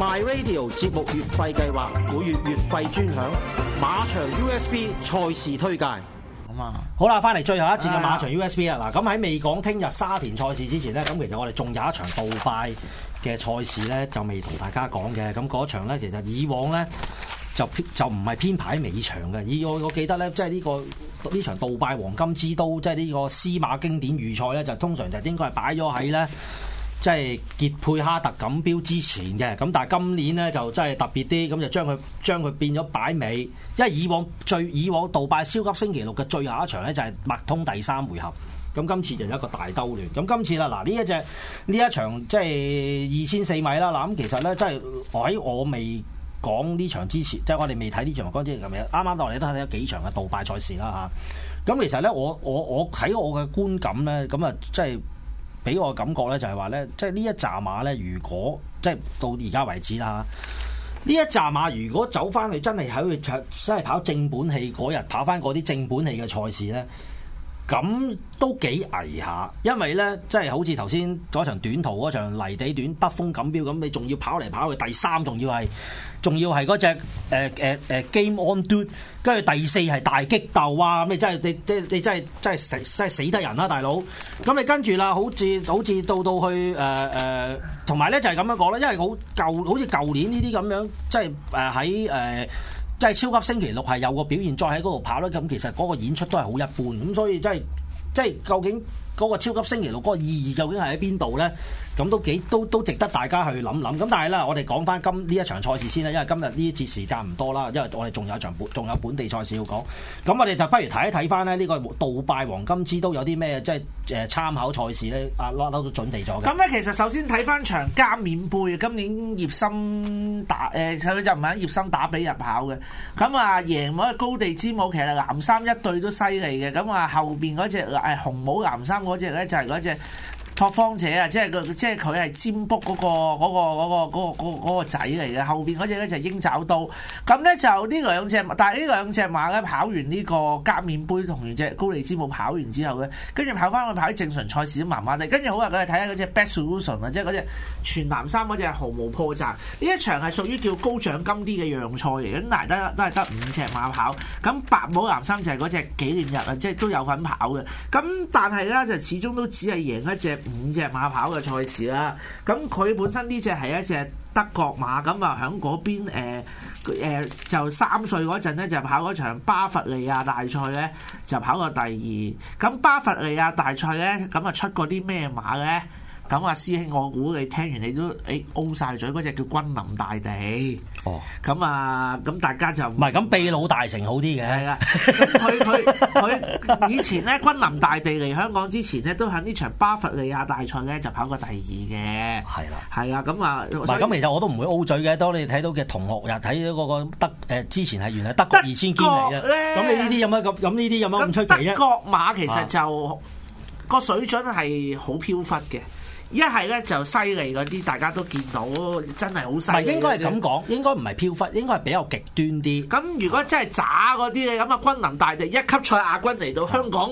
My Radio 節目月費計劃，每月月費專享馬場 USB 賽事推介，咁啊吧，好啦，翻嚟最後一次嘅馬場 USB 啊，嗱、哎呀，咁喺未講聽日沙田賽事之前呢，咁其實我哋仲有一場杜拜嘅賽事呢，就未同大家講嘅，咁嗰場呢，其實以往呢，就就唔係編排尾場嘅，以我我記得咧，即係呢個呢場杜拜黃金之都，即係呢個司馬經典預賽呢，就通常就應該係擺咗喺呢，即係傑佩哈特錦標之前嘅，咁但係今年呢就真係特別啲，咁就將佢將佢變咗擺尾，因為以往最以往杜拜超級星期六嘅最後一場呢，就係、是、麥通第三回合，咁今次就有一個大兜亂。咁今次啦，嗱呢一隻呢一場即係二千四米啦，嗱咁其實呢，真係喺我未講呢場之前，即係我哋未睇呢場嗰之前入面，啱啱落嚟都睇咗幾場嘅杜拜賽事啦嚇。咁、啊、其實呢，我我我喺我嘅觀感呢，咁啊即係。俾我感覺咧，就係話咧，即係呢一紮馬咧，如果即係到而家為止啦，呢一紮馬，啊、如果走翻去，真係喺度真係跑正本戲嗰日，跑翻嗰啲正本戲嘅賽事咧。咁都幾危下，因為咧，即係好似頭先嗰場短途嗰場泥地短北風錦標咁，你仲要跑嚟跑去，第三仲要係，仲要係嗰隻誒誒誒 Game on Dude 跟住第四係大激鬥啊，咩真係你你你真係真係死得人啦、啊，大佬！咁你跟住啦，好似好似到到，到去誒誒，同埋咧就係、是、咁樣講啦，因為好舊，好似舊年呢啲咁樣，即係誒喺誒。呃呃即係超級星期六係有個表現，再喺嗰度跑啦。咁其實嗰個演出都係好一般，咁所以即係即係究竟嗰個超級星期六嗰個意義究竟係喺邊度呢？咁都幾都都值得大家去諗諗咁，但係咧，我哋講翻今呢一場賽事先啦，因為今日呢節時間唔多啦，因為我哋仲有一場仲有本地賽事要講，咁我哋就不如睇一睇翻咧呢個杜拜黃金之都有啲咩即係誒參考賽事呢？阿拉都準備咗嘅。咁呢、嗯，其實首先睇翻場加冕杯，今年葉森打誒佢、呃、就唔係葉森打比入跑嘅。咁啊，贏嗰個高地之母其實藍衫一對都犀利嘅。咁啊，後邊嗰隻誒紅帽藍衫嗰隻呢，就係嗰隻。拓荒者啊，即係、嗰個即係佢係尖卜嗰個嗰、嗰個嗰、嗰個嗰個嗰個嗰個、仔嚟嘅，後邊嗰隻咧就鷹爪刀，咁咧就呢兩隻，但係呢兩隻馬咧跑完呢個加冕杯同完隻高利之寶跑完之後咧，跟住跑翻去跑啲正常賽事都麻麻地，跟住好啊，佢哋睇下嗰隻 Best Solution 啊，即係嗰隻全藍衫嗰隻毫無破綻，呢一場係屬於叫高獎金啲嘅讓賽嚟嘅，是都係都係得五隻馬跑，咁白帽藍衫就係嗰隻紀念日啊，即、就、係、是、都有份跑嘅，咁但係咧就始終都只係贏一隻。五隻馬跑嘅賽事啦，咁佢本身呢只係一隻德國馬，咁啊喺嗰邊誒、呃呃、就三歲嗰陣咧就跑嗰場巴伐利亞大賽咧就跑過第二，咁巴伐利亞大賽咧咁啊出過啲咩馬咧？咁啊，師兄，我估你聽完你都誒晒、哎、嘴，嗰、那、隻、個、叫君臨大地。哦，咁啊，咁大家就唔係咁秘魯大城好啲嘅，佢佢佢以前咧 君臨大地嚟香港之前咧，都喺呢場巴伐利亞大賽咧就跑過第二嘅。係啦的，係啊，咁啊，咁，其實我都唔會 O 嘴嘅。當你睇到嘅同學又睇到嗰個德誒之前係原來德國二千堅尼嚟啦。咁你麼麼呢啲有乜咁咁呢啲有乜咁出奇啊？德國馬其實就個、啊、水準係好飄忽嘅。一係咧就犀利嗰啲，大家都見到，真係好犀利嘅。唔應該係咁講，應該唔係飄忽，應該係比較極端啲。咁如果真係渣嗰啲嘅咁啊，君臨的大地一級賽亞軍嚟到香港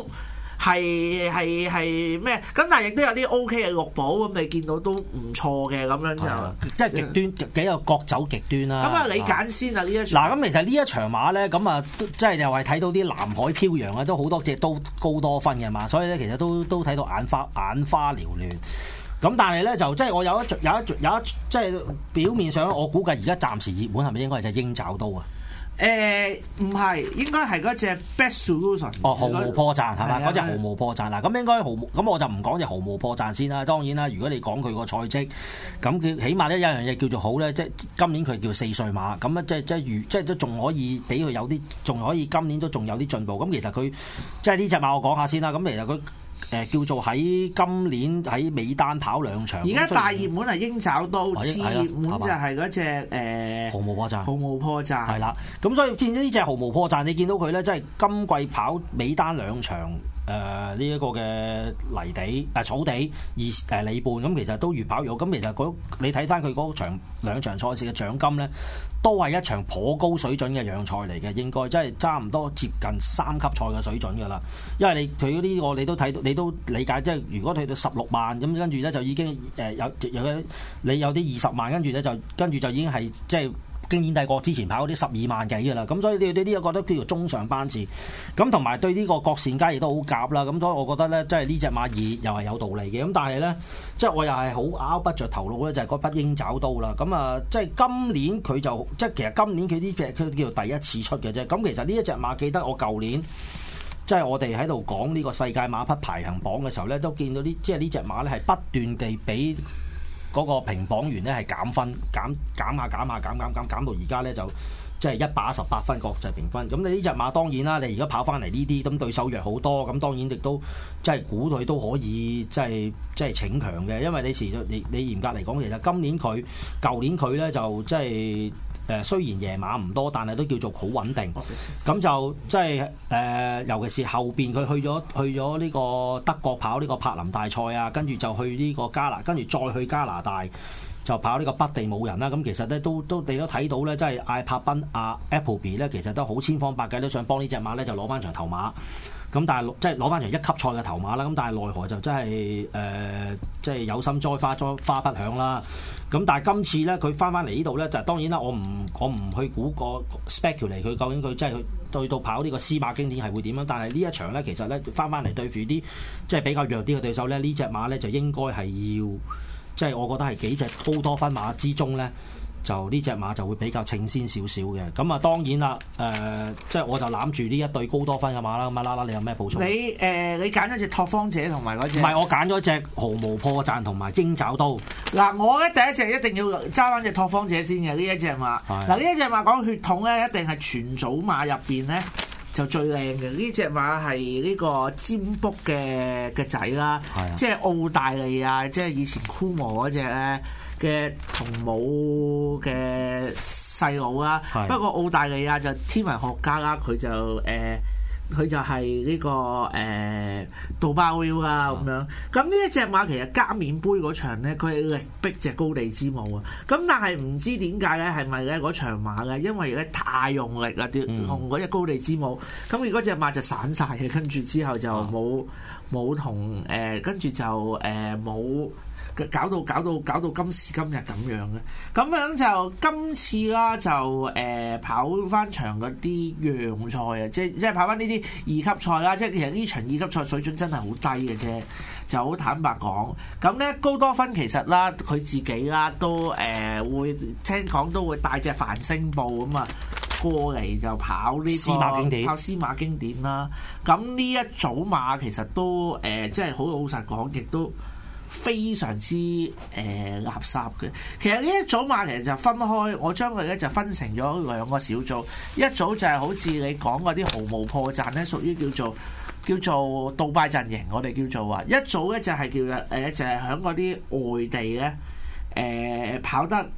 係係係咩？咁的的但係亦都有啲 O K 嘅綠寶咁，你見到都唔錯嘅咁樣就即係極端幾有各走極端啦。咁啊，你揀先啊呢一嗱咁，其實呢一場馬咧咁啊，即係又係睇到啲南海漂洋啊，都好多隻都高多分嘅嘛，所以咧其實都都睇到眼花眼花撩亂。咁但係咧就即係我有一一有一，有一即係表面上我估計而家暫時熱門係咪應該係隻鷹爪刀啊？誒唔係，應該係嗰隻 Best Solution。哦，毫無破綻係嘛？嗰隻毫無破綻嗱，咁應該毫咁我就唔講隻毫無破綻先啦。當然啦，如果你講佢個賽績，咁佢起碼咧有一樣嘢叫做好咧，即係今年佢叫四歲馬，咁咧即係即係如即係都仲可以俾佢有啲，仲可以今年都仲有啲進步。咁其實佢即係呢隻馬我，我講下先啦。咁其實佢。誒叫做喺今年喺尾單跑兩場。而家大熱門係鷹爪，次熱門就係嗰隻誒。呃、毫無破綻。毫無破綻。係啦，咁所以見咗呢隻毫無破綻，你見到佢咧，即係今季跑尾單兩場。誒呢一個嘅泥地啊、呃、草地，二誒里半咁，其實都越跑越好。咁其實你睇翻佢嗰場兩場賽事嘅獎金咧，都係一場頗高水準嘅讓賽嚟嘅，應該即係差唔多接近三級賽嘅水準㗎啦。因為你佢呢個你都睇到，你都理解即係如果去到十六萬咁，跟住咧就已經誒、呃、有有啲你有啲二十萬，跟住咧就跟住就已經係即係。經典帝國之前跑嗰啲十二萬幾嘅啦，咁所以呢呢啲我覺得叫做中上班次，咁同埋對呢個國線街亦都好夾啦，咁所以我覺得咧，真係呢隻馬熱又係有道理嘅，咁但係咧，即係我又係好拗不着頭腦咧，就係嗰匹鷹爪刀啦，咁啊，即係今年佢就即係其實今年佢呢隻佢叫做第一次出嘅啫，咁其實呢一隻馬記得我舊年即係、就是、我哋喺度講呢個世界馬匹排行榜嘅時候咧，都見到呢即係呢隻馬咧係不斷地俾。嗰個評榜員咧係減分，減減下減下減減減減到而家咧就即係一百一十八分國際評分。咁你呢隻馬當然啦，你而家跑翻嚟呢啲，咁對手弱好多，咁當然亦都即係估佢都可以即係即係逞強嘅。因為呢時你你，你嚴格嚟講，其實今年佢舊年佢咧就即係。誒雖然夜馬唔多，但係都叫做好穩定。咁就即係誒，尤其是後邊佢去咗去咗呢個德國跑呢個柏林大賽啊，跟住就去呢個加拿大，跟住再去加拿大就跑呢個北地冇人啦。咁其實咧都都你都睇到咧，即係艾柏賓阿 Appleby 咧，其實都好，啊，千方百計都想幫呢隻馬咧就攞翻場頭馬。咁但係攞即係攞翻嚟一級賽嘅頭馬啦，咁但係奈何就真係誒，即、呃、係有心栽花，花花不響啦。咁但係今次咧，佢翻翻嚟呢度咧，就當然啦，我唔我唔去估個 speculate 佢究竟佢真係去去到跑呢個司馬經典係會點樣。但係呢一場咧，其實咧翻翻嚟對住啲即係比較弱啲嘅對手咧，隻呢隻馬咧就應該係要即係、就是、我覺得係幾隻高多分馬之中咧。就呢隻馬就會比較稱先少少嘅。咁啊當然啦，誒、呃、即係我就攬住呢一對高多芬嘅馬啦，咁啦啦，你有咩補充？你誒你揀咗隻拓荒者同埋嗰隻？唔係，我揀咗隻毫無破綻同埋精爪刀。嗱，我咧第一隻一定要揸翻隻拓荒者先嘅，呢一隻馬。嗱是、啊，呢一隻馬講血統咧，一定係全祖馬入邊咧。就最靚嘅呢隻馬係呢個佔卜嘅嘅仔啦，的即係澳大利亞，即係以前酷模嗰隻咧嘅同母嘅細佬啦。的不過澳大利亞就天文學家啦，佢就誒。呃佢就係呢、呢個誒杜、呃、巴爾啊咁樣，咁呢一隻馬其實加冕杯嗰場咧，佢係力逼隻高地之舞啊，咁但係唔知點解咧，係咪咧嗰場馬咧，因為咧太用力啦，掉同嗰隻高地之舞，咁如果隻馬就散晒嘅，跟住之後就冇冇、嗯、同誒，跟、呃、住就誒冇。呃搞到搞到搞到今時今日咁樣嘅，咁樣就今次啦就誒、呃、跑翻場嗰啲讓賽啊，即係即係跑翻呢啲二級賽啦，即係其實呢場二級賽水準真係好低嘅啫，就好坦白講。咁咧高多芬其實啦，佢自己啦都誒、呃、會聽講都會帶隻繁星步咁啊過嚟就跑呢、這、啲、個，跑司馬經典啦。咁呢一組馬其實都誒，即係好老實講，亦都，非常之誒、呃、垃圾嘅，其實呢一組馬其實就分開，我將佢咧就分成咗兩個小組，一組就係好似你講嗰啲毫無破綻咧，屬於叫做叫做杜拜陣營，我哋叫做話，一組咧就係叫做，誒、呃，就係喺嗰啲外地咧誒、呃、跑得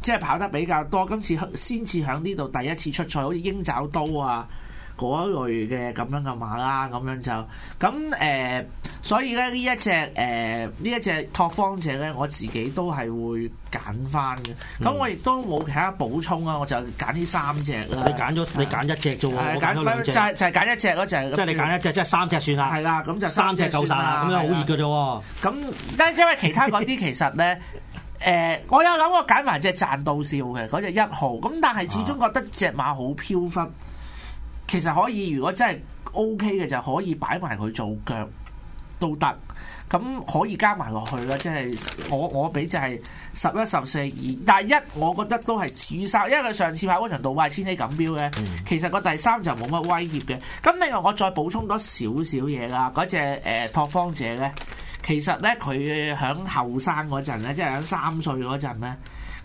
即係、就是、跑得比較多，今次先至響呢度第一次出賽，好似鷹爪刀啊。嗰類嘅咁樣嘅馬啦，咁樣就咁誒、呃，所以咧呢一隻誒呢、呃、一隻拓荒者咧，我自己都係會揀翻嘅。咁、嗯、我亦都冇其他補充啊，我就揀呢三隻啦。你揀咗是、啊、你揀一隻啫喎，就係、是、揀一隻咯，即係你揀一隻，即、就、係、是、三隻算啦。係啦、啊，咁就三隻，三隻夠晒啦，咁是、啊、樣好熱嘅啫喎。咁因因為其他嗰啲其實咧誒、 呃，我有諗過揀埋隻賺到笑嘅嗰隻一號，咁但係始終覺得隻馬好飄忽。其實可以，如果真係 OK 嘅就可以擺埋佢做腳都得，咁可以加埋落去啦。即係我我俾就係十一十四二，但係一我覺得都係次於三，因為佢上次買烏鎮杜威千禧錦標咧，嗯、其實個第三就冇乜威脅嘅。咁另外我再補充多少少嘢啦，嗰隻誒拓荒者咧，其實咧佢響後生嗰陣咧，即係響三歲嗰陣咧，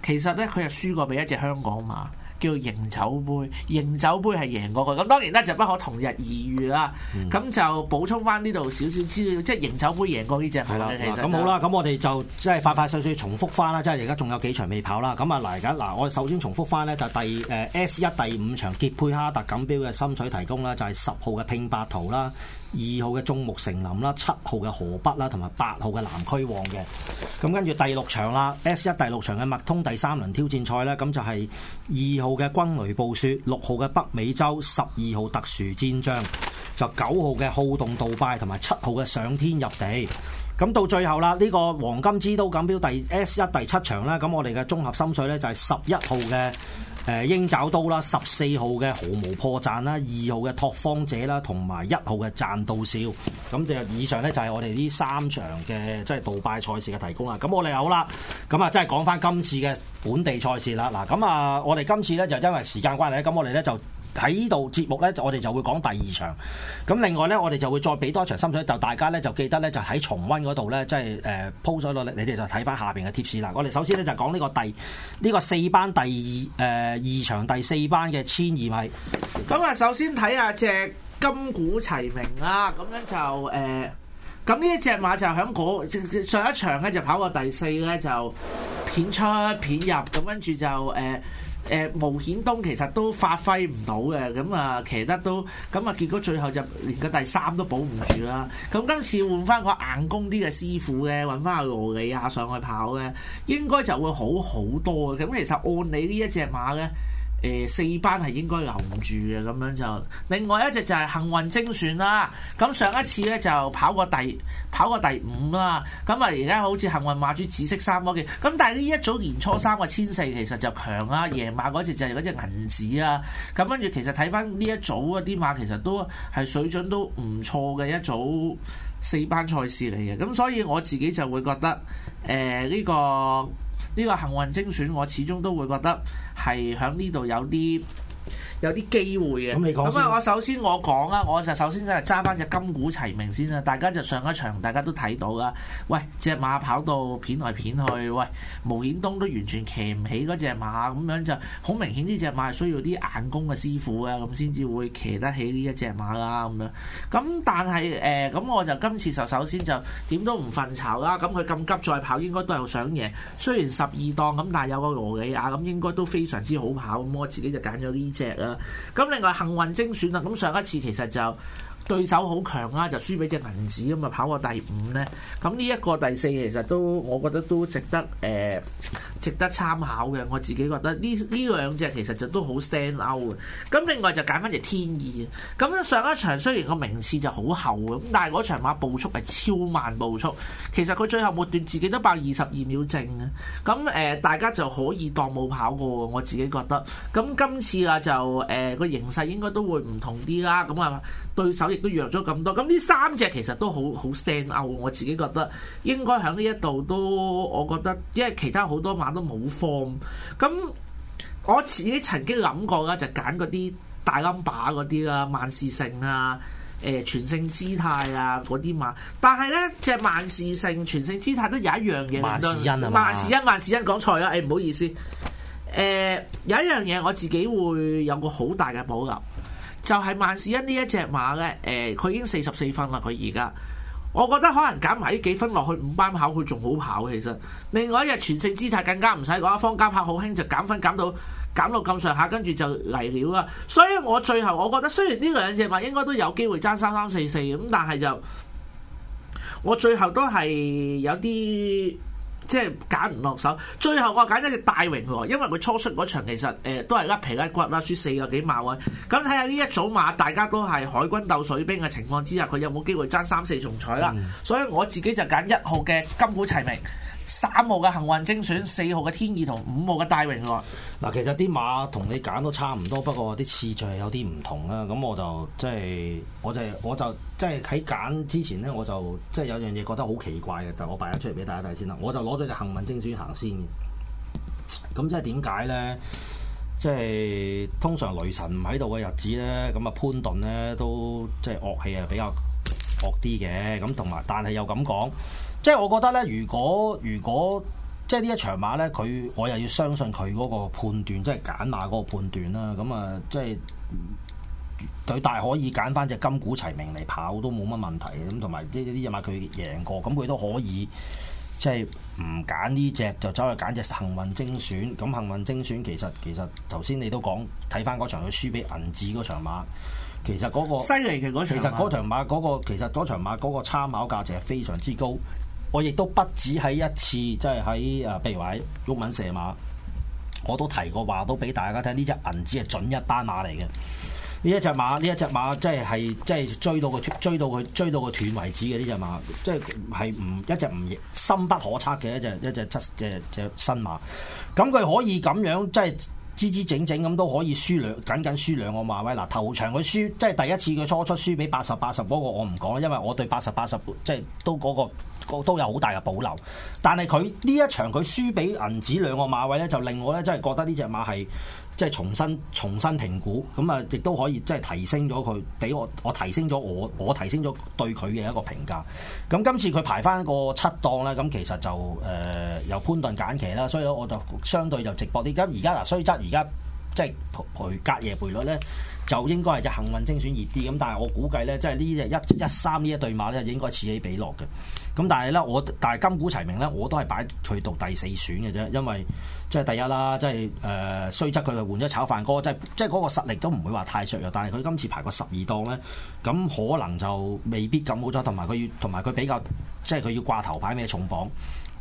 其實咧佢又輸過俾一隻香港馬。叫贏酒杯，贏酒杯係贏過佢。咁當然咧就不可同日而語啦。咁、嗯、就補充翻呢度少少資料，即係贏酒杯贏過呢隻牌咧。咁好啦，咁我哋就即係快快碎碎重複翻啦。即係而家仲有幾場未跑啦。咁啊，嗱而家嗱，我首先重複翻咧就係、第誒 S 一第五場傑佩哈特錦標嘅心水提供啦，就係、係、十號嘅拼百圖啦。二號嘅中木成林啦，七號嘅河北啦，同埋八號嘅南區旺嘅，咁跟住第六場啦，S 一第六場嘅麥通第三輪挑戰賽呢，咁就係二號嘅軍雷暴雪，六號嘅北美洲，十二號特殊戰將，就九號嘅好動杜拜，同埋七號嘅上天入地，咁到最後啦，呢、這個黃金之都錦標第 S 一第七場咧，咁我哋嘅綜合心水呢，就係十一號嘅。誒鷹爪刀啦，十四號嘅毫無破綻啦，二號嘅拓荒者啦，同埋一號嘅賺到少，咁就以上咧就係我哋呢三場嘅即係杜拜賽事嘅提供啦。咁我哋好啦，咁啊即係講翻今次嘅本地賽事啦。嗱，咁啊我哋今次咧就因為時間關係，咁我哋咧就。喺呢度節目呢，我哋就會講第二場。咁另外呢，我哋就會再俾多一場心水，就大家呢，就記得呢，就喺重溫嗰度呢，即係誒鋪咗落嚟，你哋就睇翻下邊嘅貼士啦。我哋首先呢，就講呢個第呢、呢個四班第二誒、呃、二場第四班嘅千二米。咁啊，首先睇下隻金鼓齊鳴啦，咁樣就誒。呃咁呢一隻馬就喺嗰上一場咧，就跑過第四咧，就片出片入，咁跟住就誒誒、呃呃、巫顯東其實都發揮唔到嘅。咁啊，騎得都咁啊，結果最後就連個第三都保唔住啦。咁今次換翻個硬功啲嘅師傅咧，揾翻阿羅理雅上去跑咧，應該就會好好多嘅。咁其實按你呢一隻馬咧。誒四班係應該留唔住嘅咁樣就，另外一隻就係幸運精選啦。咁、啊啊、上一次咧就跑過第跑過第五啦。咁啊而家、啊、好似幸運馬主紫色衫勾嘅。咁、啊、但係呢一組年初三個千四其實就強啦。夜、啊、馬嗰隻就係嗰隻銀紙啊。咁跟住其實睇翻呢一組嗰啲、啊、馬其實都係水準都唔錯嘅一組四班賽事嚟嘅。咁、啊啊、所以我自己就會覺得誒呢、啊呢個。呢個幸運精選，我始終都會覺得係喺呢度有啲。有啲機會嘅，咁啊、嗯嗯！我首先我講啊，我就首先真係揸翻隻金鼓齊鳴先啦。大家就上一場大家都睇到啦。喂，隻馬跑到片來片去，喂，巫顯東都完全騎唔起嗰隻馬，咁樣就好明顯呢隻馬係需要啲硬功嘅師傅啊，咁先至會騎得起呢一隻馬啦。咁樣，咁但係誒，咁、呃、我就今次就首先就點都唔瞓巢啦。咁佢咁急再跑，應該都係想贏。雖然十二檔咁，但係有個羅裏亞咁，應該都非常之好跑。咁我自己就揀咗呢隻咁另外幸運精選啦，咁上一次其實就對手好強啦，就輸俾隻銀紙咁啊，跑過第五呢。咁呢一個第四其實都，我覺得都值得誒。呃值得參考嘅，我自己覺得呢呢兩隻其實就都好 stand out 嘅。咁另外就揀翻隻天意啊。咁上一場雖然個名次就好厚啊，咁但係嗰場馬步速係超慢步速，其實佢最後末段自己都百二十二秒正啊。咁誒、呃、大家就可以當冇跑過我自己覺得。咁今次啊就誒個、呃、形勢應該都會唔同啲啦。咁啊對手亦都弱咗咁多。咁呢三隻其實都好好 stand out 我自己覺得應該響呢一度都我覺得，因為其他好多都冇放，咁我自己曾經諗過啦，就揀嗰啲大 number 嗰啲啦，萬事勝啊，誒、呃、全勝姿態啊嗰啲馬，但係咧隻萬事勝全勝姿態都有一樣嘢，萬事因啊嘛，萬事因萬事因講錯啦，誒、欸、唔好意思，誒、呃、有一樣嘢我自己會有個好大嘅保留，就係、是、萬事因呢一隻馬咧，誒、呃、佢已經四十四分啦，佢而家。我覺得可能減埋依幾分落去五班，跑佢仲好跑其實，另外一日全勝姿態更加唔使講，方家柏好輕，就減分減到減到咁上下，跟住就嚟了啊！所以我最後我覺得雖然呢兩隻馬應該都有機會爭三三四四咁，但係就我最後都係有啲。即係揀唔落手，最後我揀咗隻大榮和，因為佢初出嗰場其實誒、呃、都係甩皮甩骨啦，輸四個幾碼啊。咁睇下呢一組馬，大家都係海軍鬥水兵嘅情況之下，佢有冇機會爭三四重彩啦？嗯、所以我自己就揀一號嘅金鼓齊名。三號嘅幸運精選，四號嘅天意同五號嘅大榮來。嗱，其實啲馬同你揀都差唔多，不過啲次序係有啲唔同啦。咁我就即係、就是，我就我就即係喺揀之前呢，我就即係、就是就是、有樣嘢覺得好奇怪嘅，但我擺出嚟俾大家睇先啦。我就攞咗隻幸運精選行先。咁即係點解呢？即、就、係、是、通常雷神唔喺度嘅日子呢，咁啊潘頓呢都即係惡氣啊，比較惡啲嘅，咁同埋但係又咁講。即係我覺得呢，如果如果即係呢一場馬呢，佢我又要相信佢嗰個判斷，即係揀馬嗰個判斷啦。咁啊，即係佢大可以揀翻隻金股齊名嚟跑都冇乜問題。咁同埋即係呢隻馬佢贏過，咁佢都可以即係唔揀呢隻，就走去揀隻幸運精選。咁幸運精選其實其實頭先你都講睇翻嗰場佢輸俾銀字嗰場馬，其實嗰、嗰個犀利其實嗰場馬嗰、嗯嗰個其實嗰場馬嗰、嗰個參考價值係非常之高。我亦都不止喺一次，即係喺，啊，譬如話喺鬱文射馬，我都提過話，都俾大家聽呢隻銀紙係準一單馬嚟嘅。呢一隻馬，呢一隻馬，即係係即係追到佢追到佢追到佢斷為止嘅呢隻馬，即係係唔一隻唔深不可測嘅一隻一隻七隻隻新馬，咁佢可以咁樣即係。支支整整咁都可以輸兩，僅僅輸兩個馬位。嗱、啊，頭場佢輸，即係第一次佢初出輸俾八十八十嗰個，我唔講啦，因為我對八十八十即係都嗰、那個都有好大嘅保留。但係佢呢一場佢輸俾銀紙兩個馬位呢，就令我呢真係覺得呢隻馬係。即係重新重新評估，咁啊亦都可以即係提升咗佢，俾我我提升咗我我提升咗對佢嘅一個評價。咁今次佢排翻個七檔呢，咁其實就誒、呃、由潘頓揀騎啦，所以我就相對就直搏啲。咁而家嗱，雖則而家。即係陪隔夜賠率咧，就應該係隻幸運精選熱啲咁，但係我估計咧，即係呢隻一一三呢一對馬咧，應該此起彼落嘅。咁但係咧，我但係今古齊名咧，我都係擺佢到第四選嘅啫，因為即係第一啦，即係誒雖則佢又換咗炒飯哥，即係即係嗰個實力都唔會話太削弱，但係佢今次排過十二檔咧，咁可能就未必咁好彩，同埋佢要同埋佢比較，即係佢要掛頭牌咩重磅？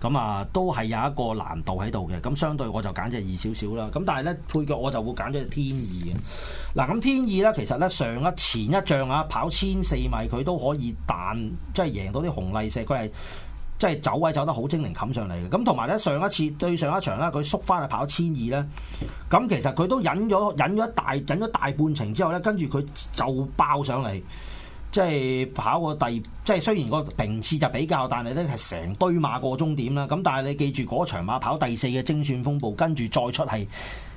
咁啊，都係有一個難度喺度嘅。咁相對我就揀隻二少少啦。咁但係呢配角我就會揀咗隻天意嘅。嗱、啊、咁天意呢，其實呢，上一前一仗啊，跑千四米佢都可以彈，即、就、係、是、贏到啲紅麗石，佢係即係走位走得好精靈冚上嚟嘅。咁同埋呢，上一次對上一場呢、啊，佢縮翻去跑千二呢。咁、啊、其實佢都忍咗忍咗大忍咗大半程之後呢，跟住佢就爆上嚟。即係跑過第，即係雖然個平次就比較，但係咧係成堆馬過終點啦。咁但係你記住嗰場馬跑第四嘅精算風暴，跟住再出係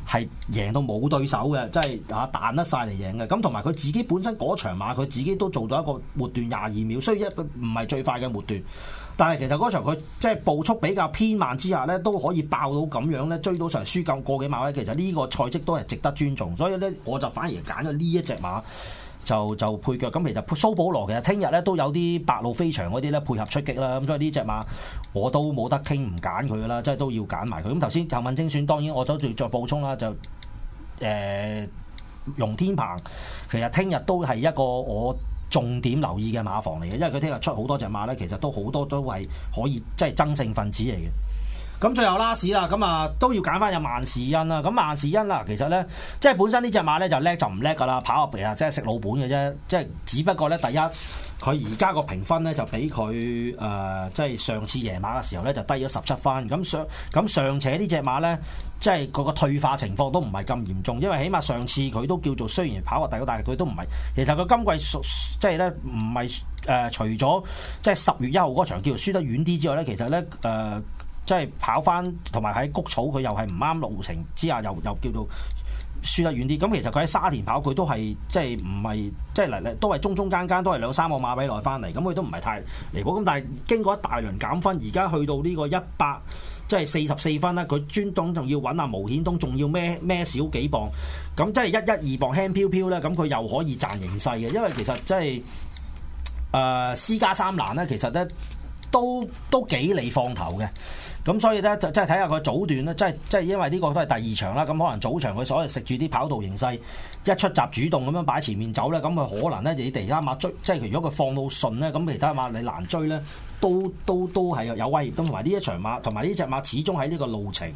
係贏到冇對手嘅，即係嚇彈得晒嚟贏嘅。咁同埋佢自己本身嗰場馬，佢自己都做到一個末段廿二秒，雖然一唔係最快嘅末段，但係其實嗰場佢即係步速比較偏慢之下咧，都可以爆到咁樣咧，追到上嚟輸夠過幾馬。其實呢個賽績都係值得尊重，所以咧我就反而揀咗呢一隻馬。就就配腳咁，其實蘇保羅其實聽日咧都有啲白鷺飛翔嗰啲咧配合出擊啦，咁所以呢隻馬我都冇得傾，唔揀佢啦，即係都要揀埋佢。咁頭先幸運精選當然我都再再補充啦，就誒、呃、容天鵬其實聽日都係一個我重點留意嘅馬房嚟嘅，因為佢聽日出好多隻馬咧，其實都好多都係可以即係爭勝分子嚟嘅。咁最後拉屎啦，咁啊都要揀翻隻萬事因啦。咁萬事因啦，其實咧，即係本身呢隻馬咧就叻就唔叻噶啦，跑入嚟啊，即係食老本嘅啫。即係只不過咧，第一佢而家個評分咧就比佢誒、呃、即係上次夜馬嘅時候咧就低咗十七分。咁上，咁上，尚且隻呢隻馬咧，即係佢個退化情況都唔係咁嚴重，因為起碼上次佢都叫做雖然跑個第二，但係佢都唔係。其實佢今季即係咧唔係誒，除咗即係十月一號嗰場叫做輸得遠啲之外咧，其實咧誒。呃即係跑翻，同埋喺谷草佢又係唔啱路程之下，又又叫做輸得遠啲。咁其實佢喺沙田跑，佢都係即係唔係即係嚟嚟都係中中間間，都係兩三個馬位內翻嚟。咁佢都唔係太離譜。咁但係經過一大輪減分，而家去到呢個一百即係四十四分啦。佢專登仲要揾阿毛顯東，仲要孭咩少幾磅？咁即係一一二磅輕飄飄呢，咁佢又可以賺形勢嘅，因為其實即係誒私家三難呢，其實呢，都都，都幾利放頭嘅。咁所以咧就即係睇下佢早段咧，即係即係因為呢個都係第二場啦。咁可能早場佢所謂食住啲跑道形勢，一出閘主動咁樣擺前面走咧，咁佢可能咧你其他馬追，即係如果佢放到順咧，咁其他馬你難追咧，都都都係有威脅。咁同埋呢一場馬，同埋呢隻馬始終喺呢個路程，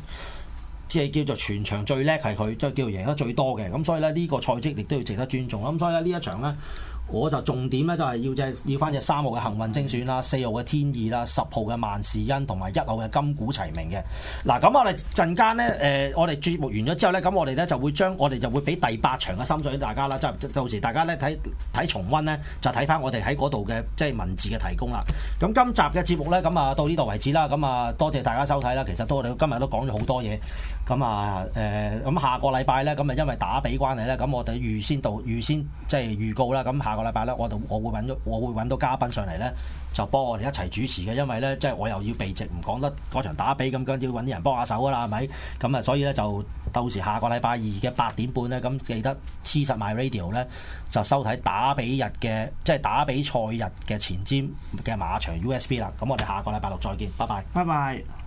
即係叫做全場最叻係佢，即係叫做贏得最多嘅。咁所以咧呢個賽績亦都要值得尊重。咁所以呢，呢一場咧。 我就重點咧就係要隻要翻隻三號嘅幸運精選啦，四號嘅天意啦，十號嘅萬事恩同埋一號嘅金股齊名嘅。嗱，咁我哋陣間咧誒，我哋節目完咗之後咧，咁我哋咧就會將我哋就會俾第八場嘅心水大家啦，即係到時大家咧睇睇重溫咧就睇翻我哋喺嗰度嘅即係文字嘅提供啦。咁今集嘅節目咧咁啊到呢度為止啦。咁啊多謝大家收睇啦。其實都我哋今日都講咗好多嘢。咁啊誒咁下個禮拜咧咁啊因為打比關係咧，咁我哋預先到預先即係預告啦。咁下個禮拜咧，我就我會揾，我會揾到嘉賓上嚟咧，就幫我哋一齊主持嘅。因為咧，即係我又要備席，唔講得嗰場打比咁，要揾啲人幫下手㗎啦，係咪？咁啊，所以咧就到時下個禮拜二嘅八點半咧，咁記得黐實 My Radio 咧，就收睇打比日嘅，即係打比賽日嘅前瞻嘅馬場 USB 啦。咁我哋下個禮拜六再見，拜拜，拜拜。